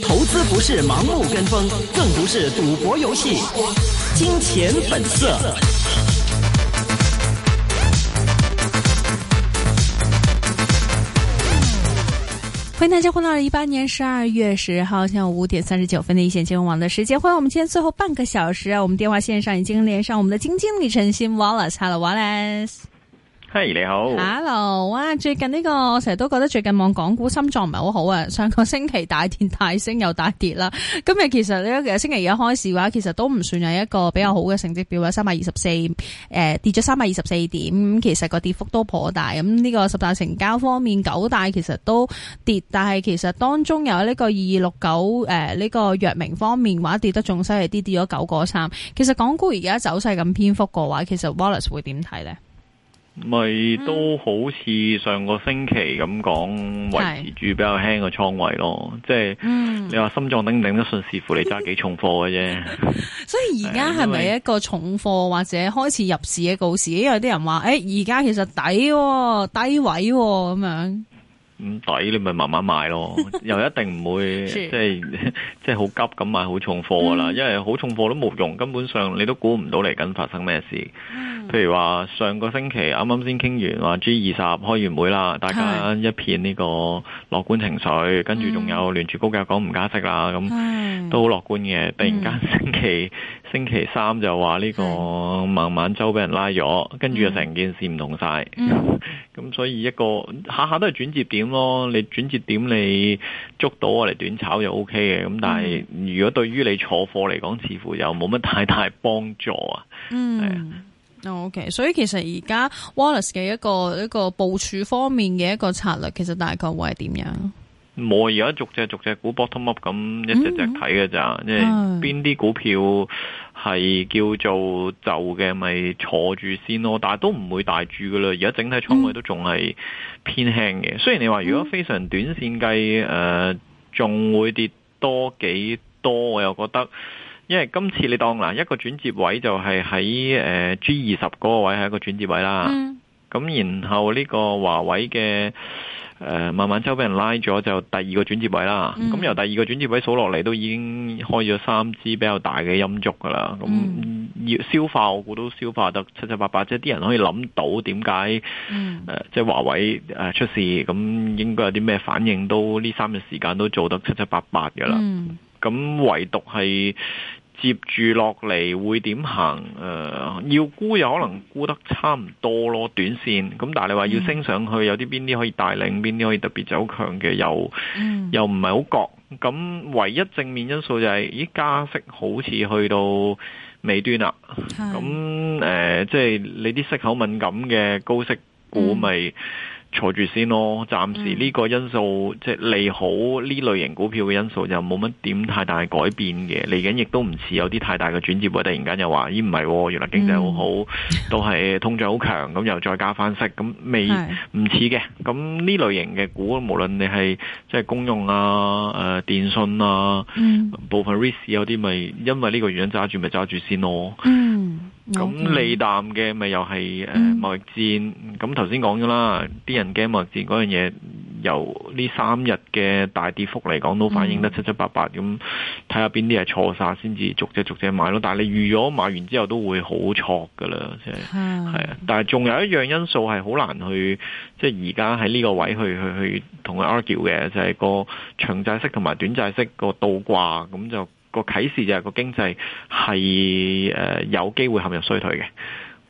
投資不是盲目跟風，更不是賭博遊戲，金錢本色。歡迎大家回到一八年十二月十號下午五點三十九分的一線金融網的時間。歡迎我們今天最後半個小時，我們電話線上已經連上我們的基金經理陳昕 Wallace，Hello Wallace。嘿，hey, 你好。Hello，哇！最近呢、這個我成日都覺得最近望港股心臟唔係好好啊。上個星期大跌大升又大跌啦。今日其實呢個星期一開市嘅話，其實都唔算係一個比較好嘅成績表啦。三百二十四誒，跌咗三百二十四點，咁其實個跌幅都頗大。咁、嗯、呢、這個十大成交方面，九大其實都跌，但係其實當中有呢個二二六九誒呢個藥明方面話跌得仲犀利啲，跌咗九個三。其實港股而家走勢咁偏幅嘅話，其實 Wallace 會點睇呢？咪、嗯、都好似上個星期咁講，維持住比較輕嘅倉位咯。即係你話心臟頂唔頂得順，視乎你揸幾重貨嘅啫。 所以而家係咪一個重貨或者開始入市嘅告示？因為啲人話，誒而家其實抵喎，啊，低位喎，啊，咁樣。咁抵、嗯、你咪慢慢買咯，又一定唔會即係即係好急咁買好重貨噶啦， 嗯、因為好重貨都冇用，根本上你都估唔到嚟緊發生咩事。譬如話上個星期啱啱先傾完話 G 二十開完會啦，大家一片呢個樂觀情緒，跟住仲有聯儲高價講唔加息啦，咁都好樂觀嘅。突然間星期。星期三就話呢個孟晚舟俾人拉咗，嗯、跟住就成件事唔同晒。咁、嗯 嗯、所以一個下下都係轉折點咯。你轉折點你捉到我哋短炒就 O K 嘅，咁但係如果對於你坐貨嚟講，似乎又冇乜太大幫助啊。嗯，係啊 O K，所以其實而家 Wallace 嘅一個一個部署方面嘅一個策略，其實大概會係點樣？我而家逐隻逐隻股 bottom up 咁一隻隻睇嘅咋，即係邊啲股票係叫做就嘅，咪坐住先咯。但係都唔會大注噶啦。而家整體倉位都仲係偏輕嘅。嗯、雖然你話如果非常短綫計，誒、呃，仲會跌多幾多，我又覺得，因為今次你當嗱一個轉折位就係喺誒 G 二十嗰個位係一個轉折位啦。咁、嗯、然後呢個華為嘅。誒，慢慢之後俾人拉咗，就第二個轉折位啦。咁、嗯、由第二個轉折位數落嚟，都已經開咗三支比較大嘅陰燭噶啦。咁要消化，我估都消化得七七八八。即係啲人可以諗到點解，誒、嗯呃，即係華為誒出事，咁應該有啲咩反應，都呢三日時間都做得七七八八噶啦。咁、嗯、唯獨係。接住落嚟會點行？誒，要沽有可能沽得差唔多咯，短線。咁但係你話要升上去，有啲邊啲可以帶領，邊啲可以特別走強嘅？又又唔係好覺。咁唯一正面因素就係，咦，加息好似去到尾端啦。咁誒，即係你啲息口敏感嘅高息股咪？坐住先咯，暫時呢個因素、嗯、即係利好呢類型股票嘅因素就冇乜點太大改變嘅，嚟緊亦都唔似有啲太大嘅轉折，突然間又話咦唔係、哦，原來經濟好好，嗯、都係通脹好強，咁又再加翻息，咁未唔似嘅，咁呢是類型嘅股無論你係即係公用啊，誒、呃、電信啊，嗯、部分 risk 有啲咪因為呢個原因揸住咪揸住先咯。嗯咁利淡嘅咪又係誒貿易戰，咁頭先講咗啦，啲人驚貿易戰嗰樣嘢，由呢三日嘅大跌幅嚟講，都反映得七七八八，咁睇下邊啲係錯晒，先至逐隻逐隻買咯。但係你預咗買完之後都會好錯噶啦，即係係啊。但係仲有一樣因素係好難去，即係而家喺呢個位去去去同佢 argue 嘅，就係個長債息同埋短債息個倒掛，咁就。個啟示就係、是、個經濟係誒有機會陷入衰退嘅，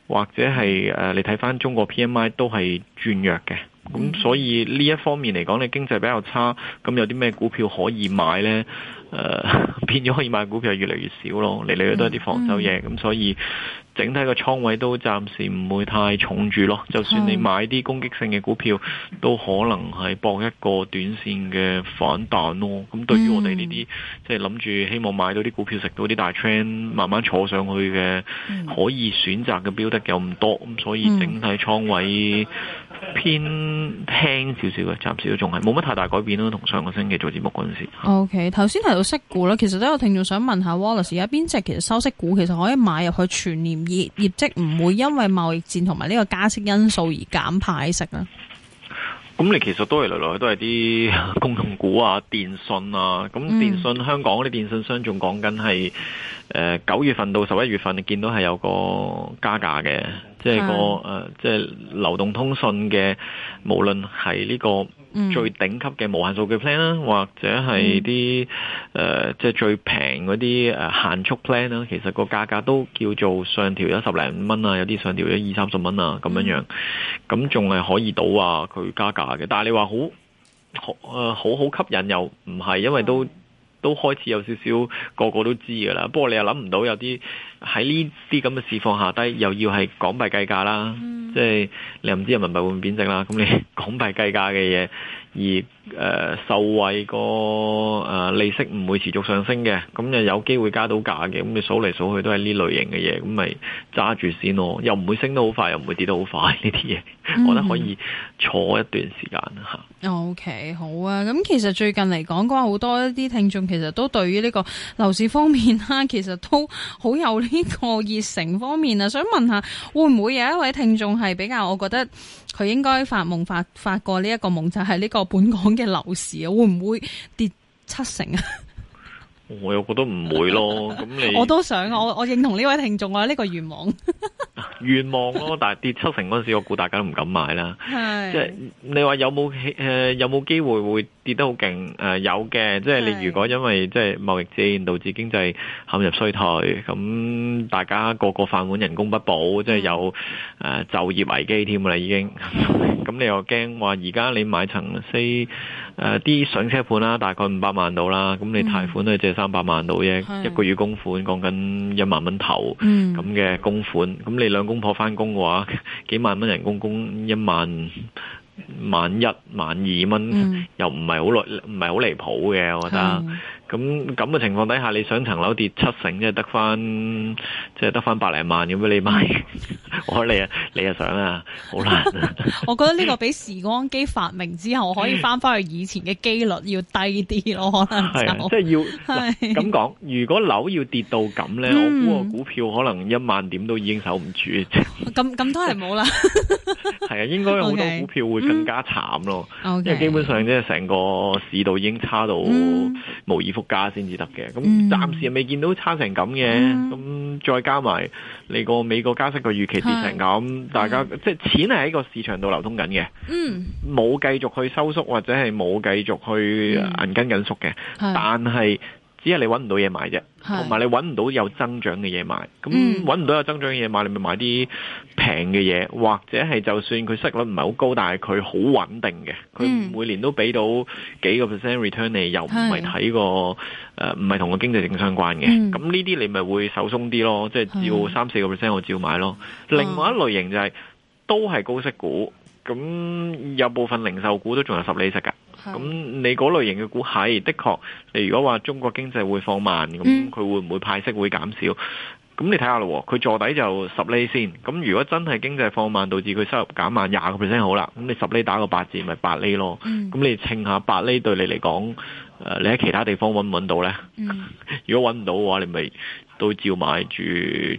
或者係誒、呃、你睇翻中國 PMI 都係轉弱嘅，咁所以呢一方面嚟講，你經濟比較差，咁有啲咩股票可以買呢？誒、呃，變咗可以買嘅股票越嚟越少咯，嚟嚟去都係啲防守嘢，咁所以。整體個倉位都暫時唔會太重住咯，就算你買啲攻擊性嘅股票，都可能係博一個短線嘅反彈咯。咁對於我哋呢啲即係諗住希望買到啲股票食到啲大 trend，慢慢坐上去嘅，嗯、可以選擇嘅標的又唔多，咁、嗯、所以整體倉位偏輕少少嘅，暫時都仲係冇乜太大改變咯，同上個星期做節目嗰陣時。O K，頭先提到息股啦，其實都有聽眾想問下 Wallace，而家邊隻其實收息股其實可以買入去全年？業業績唔會因為貿易戰同埋呢個加息因素而減派息啊？咁你、嗯、其實都係來來去去都係啲公用股啊、電信啊，咁電信香港嗰啲電信商仲講緊係誒九月份到十一月份，你見到係有個加價嘅。即係、嗰個誒、呃，即係流動通訊嘅，無論係呢個最頂級嘅無限數據 plan 啦、嗯，或者係啲誒，即係最平嗰啲誒限速 plan 啦，其實個價格都叫做上調咗十零蚊啊，有啲上調咗二三十蚊啊，咁樣、嗯、樣，咁仲係可以到啊佢加價嘅，但係你話好，好誒好好吸引又唔係，因為都。嗯都開始有少少個，個都知㗎啦，不過你又諗唔到有啲喺呢啲咁嘅市況下低，又要係港幣計價啦，嗯、即係你又唔知人民幣會唔會貶值啦，咁你港幣計價嘅嘢而。誒、呃，受惠個誒利息唔會持續上升嘅，咁就有機會加到價嘅，咁你數嚟數去都係呢類型嘅嘢，咁咪揸住先咯，又唔會升得好快，又唔會跌得好快呢啲嘢，嗯、我覺得可以坐一段時間吓。O、okay, K，好啊，咁其實最近嚟講嘅話，好多一啲聽眾其實都對於呢個樓市方面啦、啊，其實都好有呢個熱誠方面啊，想問下會唔會有一位聽眾係比較，我覺得佢應該發夢發發過呢一個夢，就係、是、呢個本港。嘅樓市啊，會唔會跌七成啊、 哦？我又覺得唔會咯。咁 你我都想，我我認同呢位聽眾啊，呢個願望，願 望咯。但係跌七成嗰陣時，我估大家都唔敢買啦。即係 你話有冇氣？誒、呃，有冇機會會？跌得好勁，誒有嘅，即係你如果因為即係貿易戰導致經濟陷入衰退，咁大家個個飯碗人工不保，即係有誒就業危機添啦已經。咁你又驚話而家你買層 C 誒啲上車盤啦，大概五百萬到啦，咁你貸款都係借三百萬到啫，一個月供款講緊一萬蚊頭，咁嘅供款，咁你兩公婆翻工嘅話，幾萬蚊人工供一萬。萬一萬二蚊， 又唔係好耐，唔係好離譜嘅，我覺得。 咁咁嘅情況底下，你想層樓跌七成，即係得翻，即係得翻百零萬咁俾你買，我你啊，你啊想啊，好難。我覺得呢個比時光機發明之後可以翻翻去以前嘅機率要低啲咯，可能。係，即係要。係。咁講，如果樓要跌到咁呢，我估個股票可能一萬點都已經守唔住。咁咁都係冇啦。係啊，應該好多股票會更加慘咯。O K。因為基本上即係成個市道已經差到無以復。加先至得嘅，咁暫、嗯、時未見到差成咁嘅，咁、嗯、再加埋你個美國加息個預期跌成咁，是大家的即係錢係喺個市場度流通緊嘅，冇繼、嗯、續去收縮或者係冇繼續去銀根緊縮嘅，嗯、但係是。只係你揾唔到嘢買啫，同埋你揾唔到有增長嘅嘢買，咁揾唔到有增長嘅嘢買，你咪買啲平嘅嘢，或者係就算佢息率唔係好高，但係佢好穩定嘅，佢每年都俾到幾個 percent return 你，又唔係睇個誒，唔係同個經濟性相關嘅，咁呢啲你咪會手鬆啲咯，即係照三四個 percent 我照買咯。另外一類型就係、是、都係高息股。咁有部分零售股都仲有十厘息噶，咁的你嗰類型嘅股係的確，你如果話中國經濟會放慢，咁佢會唔會派息會減少？咁、嗯、你睇下咯，佢坐底就十厘先，咁如果真係經濟放慢導致佢收入減慢廿個 percent 好啦，咁你十厘打個八字咪八厘咯，咁、嗯、你稱下八厘對你嚟講，誒，你喺其他地方搵唔搵到呢？嗯、 如果搵唔到嘅話，你咪。都照買住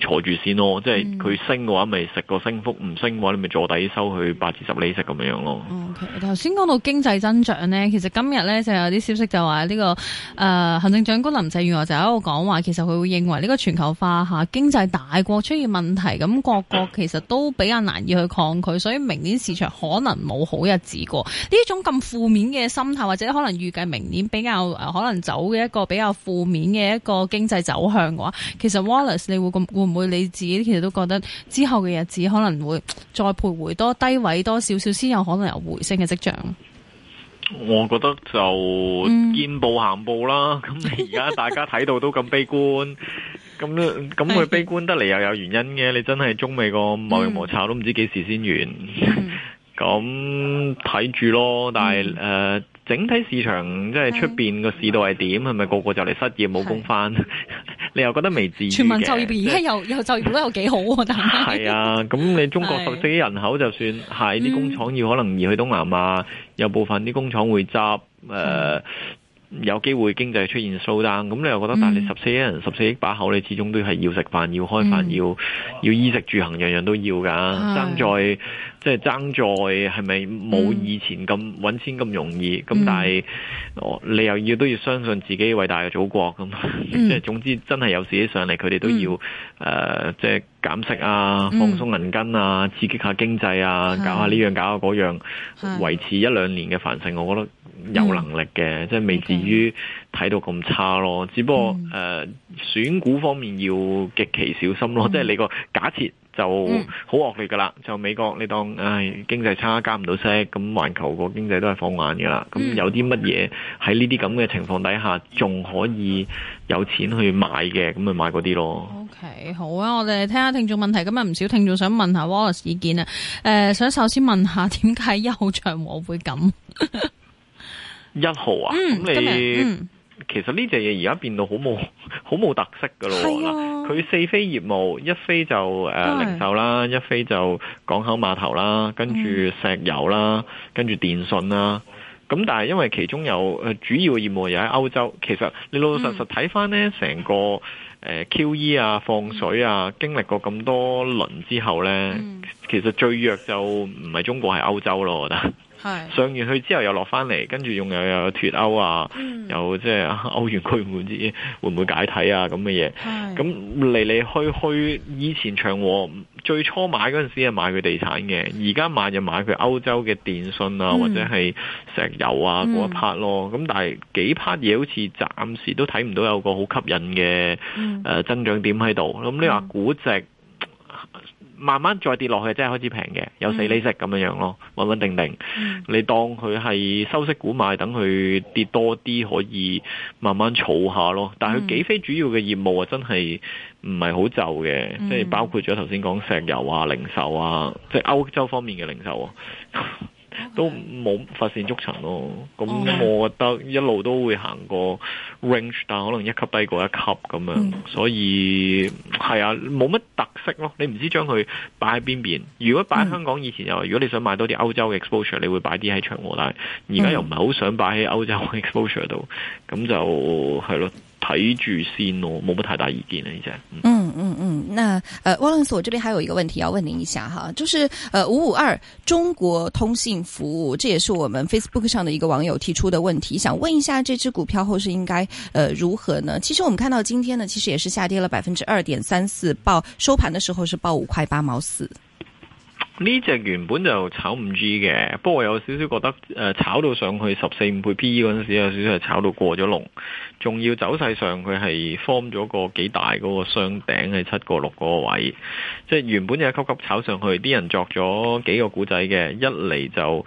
坐住先咯，即係佢升嘅話，咪食個升幅；唔、嗯、升嘅話，你咪坐底收佢八至十厘息咁樣樣咯。頭先講到經濟增長呢，其實今日呢就有啲消息就話呢、這個誒、呃、行政長官林鄭月娥就喺度講話，其實佢會認為呢個全球化下經濟大國出現問題，咁各國其實都比較難以去抗拒，所以明年市場可能冇好日子過。呢種咁負面嘅心態，或者可能預計明年比較、呃、可能走嘅一個比較負面嘅一個經濟走向嘅話，其實 Wallace，你會會唔會你自己其實都覺得之後嘅日子可能會再徘徊多低位多少少先有可能有回升嘅跡象？我覺得就見步行步啦。咁你而家大家睇到都咁悲觀，咁咁佢悲觀得嚟又有原因嘅。你真係中美個貿易摩擦都唔知幾時先完。咁睇住咯，但係誒。嗯呃整體市場即係出邊個市道係點？係咪個個就嚟失業冇工翻？ 你又覺得未至於嘅？全民就業而家又又就業都有幾好 啊？但係係啊，咁你中國十四億人口就算係啲工廠要可能移去東南亞，嗯、有部分啲工廠會執，誒。呃有機會經濟出現 slow down，咁你又覺得，但你十四億人、十四億把口，你始終都係要食飯、要開飯、嗯、要要衣食住行，樣樣都要噶。爭的在即係爭在係咪冇以前咁揾錢咁容易？咁但係、嗯、你又要都要相信自己偉大嘅祖國咁。即係、嗯、 總之，真係有事上嚟，佢哋都要誒即係。嗯呃即係減息啊，放鬆銀根啊，刺激下經濟啊，嗯、搞下呢樣搞下嗰樣，樣的維持一兩年嘅繁盛，我覺得有能力嘅，嗯、即係未至於睇到咁差咯。只不過誒、嗯呃，選股方面要極其小心咯，嗯、即係你個假設。就好惡劣噶啦！就美國，你當唉經濟差加唔到息，咁環球個經濟都係放眼噶啦。咁、嗯、有啲乜嘢喺呢啲咁嘅情況底下，仲可以有錢去買嘅，咁咪買嗰啲咯。OK，好啊！我哋聽下聽眾問題。今日唔少聽眾想問下 Wallace 意見啊。誒、呃，想首先問下點解一號場和會咁 一號啊？嗯。你其實呢隻嘢而家變到好冇好冇特色噶咯，佢、啊、四飛業務一飛就誒、呃、零售啦，一飛就港口碼頭啦，跟住石油啦，嗯、跟住電信啦。咁但係因為其中有、呃、主要嘅業務又喺歐洲，其實你老老實實睇翻呢成、嗯、個誒 QE 啊放水啊，經歷過咁多輪之後呢，嗯、其實最弱就唔係中國係歐洲咯，我覺得。上完去之後又落翻嚟，跟住仲有又有脫歐啊，有即係歐元區唔知會唔會解體啊咁嘅嘢。咁嚟嚟去去，以前長和最初買嗰陣時係買佢地產嘅，而家買就買佢歐洲嘅電信啊，或者係石油啊嗰、嗯、一 part 咯。咁但係幾 part 嘢好似暫時都睇唔到有個好吸引嘅誒、嗯呃、增長點喺度。咁你話估值？嗯嗯慢慢再跌落去，真係開始平嘅，有四厘息咁樣樣咯，mm. 穩穩定定。Mm. 你當佢係收息股買，等佢跌多啲，可以慢慢儲下咯。但係佢幾非主要嘅業務啊，真係唔係好就嘅，即係、mm. 包括咗頭先講石油啊、零售啊，即係歐洲方面嘅零售。 Okay. Okay. 都冇發線觸塵咯，咁 Okay. 我覺得一路都會行個 range，但可能一級低過一級咁樣，所以係啊，冇乜特色咯。你唔知將佢擺喺邊邊。如果擺香港以前又、就係，如果你想買多啲歐洲嘅 exposure，你會擺啲喺長和。但係而家又唔係好想擺喺歐洲嘅 exposure 度，咁就係咯。睇住先咯，冇乜太大意見呢依家。嗯嗯嗯，那，呃，Wallace，我這邊還有一個問題要問您一下哈，就是，呃，五五二中國通信服務，這也是我們 Facebook 上的一個網友提出的問題，想問一下這隻股票後市應該，呃，如何呢？其實我們看到今天呢，其實也是下跌了百分之二點三四，報收盤的時候是報五塊八毛四。呢隻原本就炒唔知嘅，不過有少少覺得誒、呃，炒到上去十四五倍 P/E 嗰陣時，有少少係炒到過咗龍。仲要走勢上佢係 form 咗個幾大嗰個雙頂喺七個六個位，即係原本就一級級炒上去，啲人作咗幾個古仔嘅，一嚟就。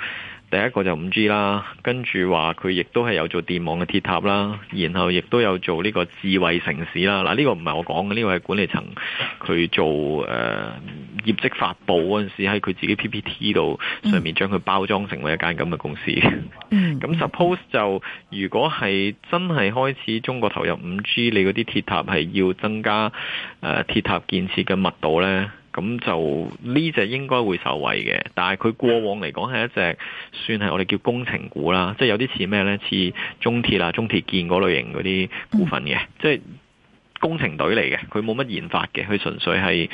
第一個就五 G 啦，跟住話佢亦都係有做電網嘅鐵塔啦，然後亦都有做呢個智慧城市啦。嗱、這、呢個唔係我講嘅，呢、這個係管理層佢做誒、呃、業績發佈嗰陣時喺佢自己 PPT 度上面將佢包裝成為一間咁嘅公司。嗯、mm. 咁 suppose 就如果係真係開始中國投入五 G，你嗰啲鐵塔係要增加誒、呃、鐵塔建設嘅密度呢？咁就呢隻應該會受惠嘅，但係佢過往嚟講係一隻算係我哋叫工程股啦，即係有啲似咩呢？似中鐵啊、中鐵建嗰類型嗰啲股份嘅，即係。工程隊嚟嘅，佢冇乜研發嘅，佢純粹係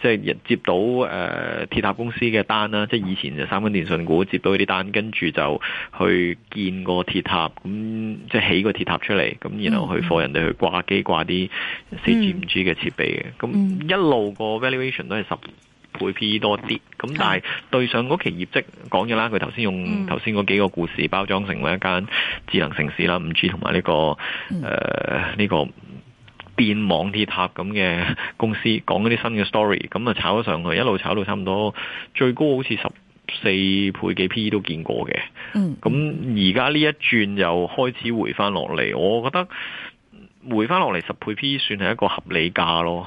即係接到誒鐵塔公司嘅單啦，即係以前就三分電信股接到啲單，跟住就去建個鐵塔，咁、嗯、即係起個鐵塔出嚟，咁、嗯嗯、然後去貨人哋去掛機掛啲四 G 五 G 嘅設備嘅，咁、嗯、一路個 valuation 都係十倍 P 多啲，咁、嗯、但係對上嗰期業績講咗啦，佢頭先用頭先嗰幾個故事包裝成為一間智能城市啦，五 G 同埋呢個誒呢個。呃這個電網鐵塔咁嘅公司，講啲新嘅 story，咁啊炒咗上去，一路炒到差唔多最高好似十四倍幾 PE 都見過嘅，咁而家呢一轉又開始回翻落嚟，我覺得回翻落嚟十倍 PE 算係一個合理價咯。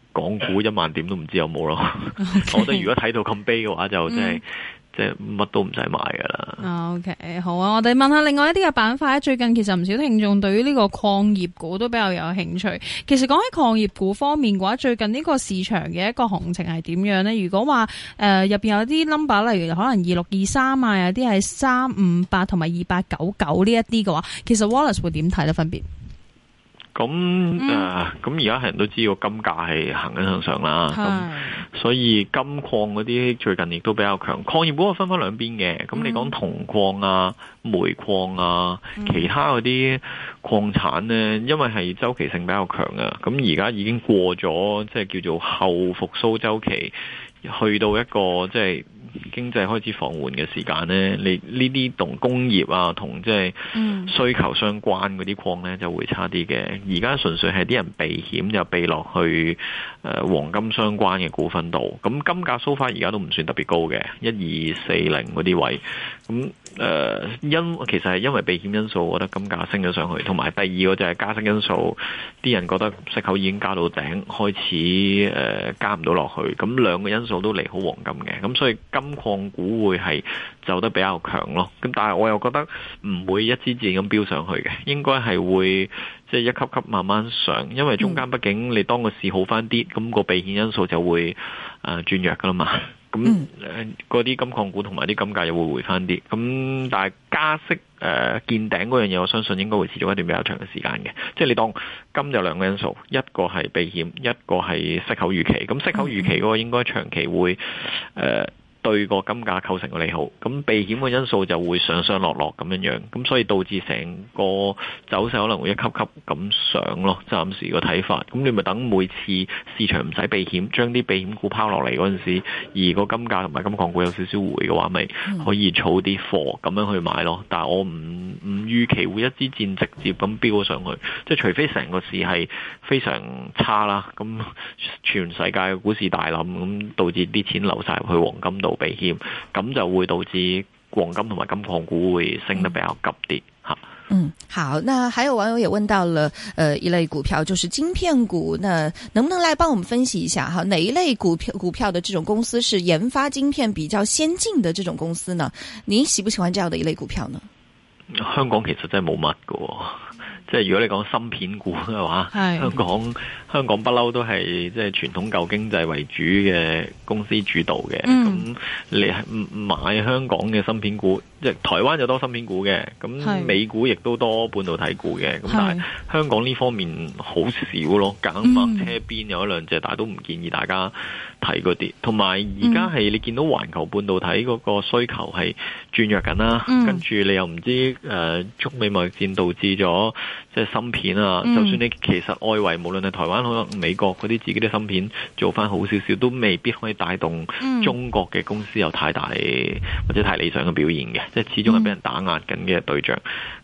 港股一萬點都唔知有冇咯，我哋如果睇到咁悲嘅話，就真係即係乜都唔使買㗎喇。OK，好啊，我哋問下另外一啲嘅板塊咧，最近其實唔少聽眾對於呢個礦業股都比較有興趣。其實講起礦業股方面嘅話，最近呢個市場嘅一個行情係點樣呢？如果話誒入邊有啲 number，例如可能二六二三啊，有啲係三五八同埋二八九九呢一啲嘅話，其實 Wallace 會點睇呢？分別？咁啊！咁而家係人都知個金價係行緊向上啦，咁的、嗯、所以金礦嗰啲最近亦都比較強。礦業股我分返兩邊嘅，咁、嗯、你講銅礦啊、煤礦啊、其他嗰啲礦產咧，因為係週期性比較強嘅，咁而家已經過咗，即係叫做後復蘇週期，去到一個即係。經濟開始放緩嘅時間呢，你呢啲同工業啊，同即係需求相關嗰啲礦呢，就會差啲嘅。而家純粹係啲人避險就避落去誒黃金相關嘅股份度。咁金價收翻而家都唔算特別高嘅，一二四零嗰啲位。咁誒、呃、因其實係因為避險因素，我覺得金價升咗上去。同埋第二個就係加息因素，啲人覺得息口已經加到頂，開始誒加唔到落去。咁兩個因素都利好黃金嘅。咁所以。金礦股會係走得比較強咯，咁但係我又覺得唔會一支箭咁飆上去嘅，應該係會即係一級級慢慢上，因為中間畢竟你當個市好翻啲，咁個避險因素就會誒轉弱噶啦嘛，咁誒嗰啲金礦股同埋啲金價又會回翻啲，咁但係加息誒見頂嗰樣嘢，我相信應該會持續一段比較長嘅時間嘅，即係你當金有兩個因素，一個係避險，一個係息口預期，咁息口預期嗰個應該長期會誒。對個金價構成個利好，咁避險嘅因素就會上上落落咁樣樣，咁所以導致成個走勢可能會一級級咁上咯，暫時個睇法。咁你咪等每次市場唔使避險，將啲避險股拋落嚟嗰陣時，而個金價同埋金礦股有少少回嘅話，咪可以儲啲貨咁樣去買咯。但係我唔唔預期會一支箭直接咁飆上去，即係除非成個市係非常差啦，咁全世界嘅股市大冧，咁導致啲錢流晒入去黃金度。冇避險，咁就會導致黃金同埋金礦股會升得比較急啲吓。嗯，好，那還有網友也問到了，誒、呃，一類股票就是晶片股，那能不能來幫我們分析一下哈？哪一類股票股票的這種公司是研發晶片比較先進的這種公司呢？你喜不喜歡這樣的一類股票呢？香港其實真係冇乜嘅喎。即係如果你講芯片股嘅話，係嘅。香港香港不嬲都係即係傳統舊經濟為主嘅公司主導嘅，咁、嗯、你買香港嘅芯片股。即係台灣有多芯片股嘅，咁美股亦都多半導體股嘅，咁是但係香港呢方面好少咯，緊掹車邊有一兩隻，但係都唔建議大家睇嗰啲。同埋而家係你見到環球半導體嗰個需求係轉弱緊啦，嗯、跟住你又唔知誒、呃、中美貿易戰導致咗即係芯片啊，就算你其實外圍無論係台灣可能美國嗰啲自己啲芯片做翻好少少，都未必可以帶動中國嘅公司有太大、嗯、或者太理想嘅表現嘅。即係始終係俾人打壓緊嘅對象，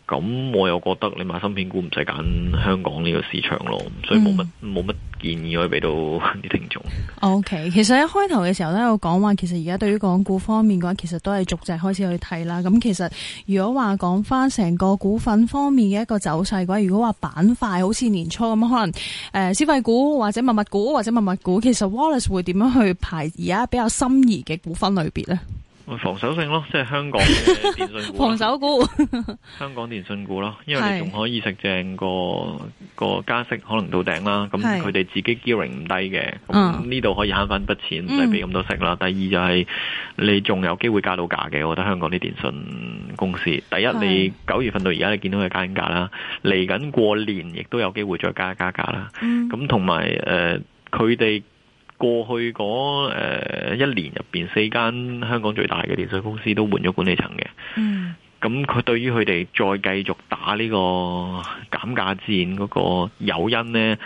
咁、嗯、我又覺得你買芯片股唔使揀香港呢個市場咯，所以冇乜冇乜建議可以俾到啲聽眾。Okay，其實一開頭嘅時候都有講話，其實而家對於港股方面嘅話，其實都係逐漸開始去睇啦。咁其實如果話講翻成個股份方面嘅一個走勢嘅話，如果話板塊好似年初咁，可能誒消費股或者物物股或者物物股，其實 Wallace 會點樣去排而家比較心儀嘅股份類別咧？防守性咯，即係香港嘅電信股。 防守股 ，香港電信股咯，因為你仲可以食正個個加息可能到頂啦。咁佢哋自己 gearing 唔低嘅，咁呢度可以慳翻筆錢，唔使俾咁多息啦。第二就係、是、你仲有機會加到價嘅。我覺得香港啲電信公司，第一是你九月份到而家你見到佢加緊價啦，嚟緊過年亦都有機會再加一加價啦。咁同埋誒佢哋。過去嗰、呃、一年入邊，四間香港最大嘅電信公司都換咗管理層嘅。咁佢、嗯、對於佢哋再繼續打呢個減價戰嗰個誘因呢，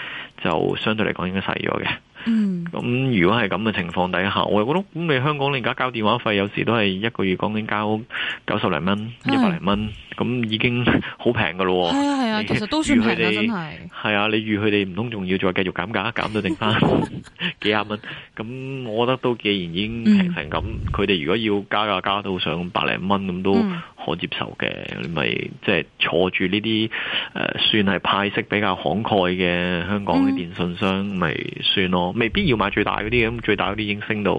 就相對嚟講應該細咗嘅。嗯，咁如果係咁嘅情況底下，我又覺得咁你香港你而家交電話費有時都係一個月講緊交九十零蚊、一百零蚊，咁的已經好平噶咯。係啊係啊，你其實都算平啦，真係。係啊，你預佢哋唔通仲要再繼續減價，減到剩翻幾廿蚊？咁 我覺得都既然已經平成咁，佢哋、嗯、如果要加價加到上百零蚊咁都。嗯可接受嘅。你咪即係坐住呢啲誒，算係派息比較慷慨嘅香港嘅電信商，咪、嗯、算咯。未必要買最大嗰啲，咁最大嗰啲已經升到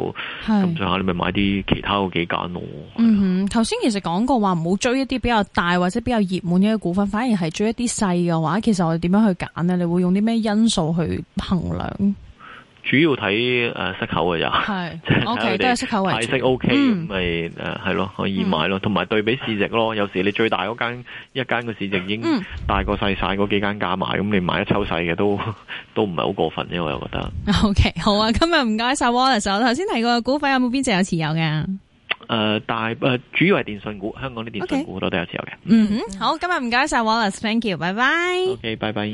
咁上下，是，你咪買啲其他嗰幾間咯。嗯哼，頭先其實講過話唔好追一啲比較大或者比較熱門嘅股份，反而係追一啲細嘅話，其實我哋點樣去揀呢？你會用啲咩因素去衡量？主要睇誒，息口啊又，O K 都係息口為主，嗯，咁咪誒係咯，嗯、可以買咯，同埋對比市值咯。有時你最大嗰間一間嘅市值已經大過細晒嗰幾間加埋，咁、嗯、你買一抽細嘅都都唔係好過分，因為我又覺得。OK 好啊，今日唔該晒 Wallace，我頭先提過個股份有冇邊隻有持有嘅？誒、呃，大誒、呃、主要係電信股，香港啲電信股好多都有持有嘅，OK 嗯。嗯，好，今日唔該晒 Wallace，Thank you，拜拜。O K，拜拜。